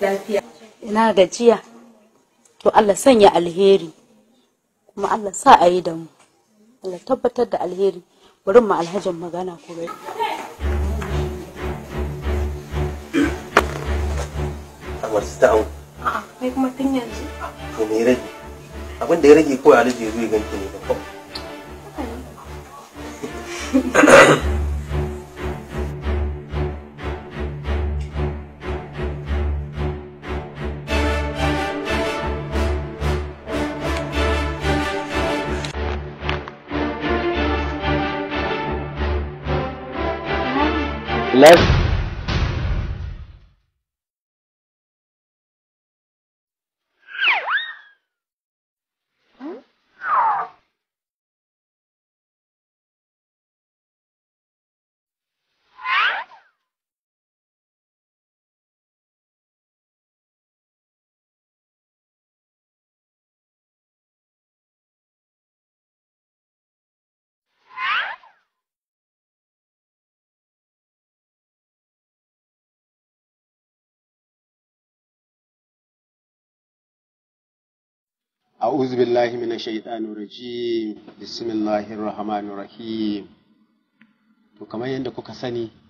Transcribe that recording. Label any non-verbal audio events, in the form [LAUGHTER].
lafiya ina gajiya to Allah sanya alheri kuma Allah sa a yi da mu Allah tabbatar da alheri bari mu alhajin magana kuma Amar su ta A'a, kai kuma tun yanzu. To me rage? Abin da ya rage ko alhaji ya zo ya ganki ne da ko? [LAUGHS] less أعوذ بالله من الشيطان الرجيم بسم الله الرحمن الرحيم to kamar yadda kuka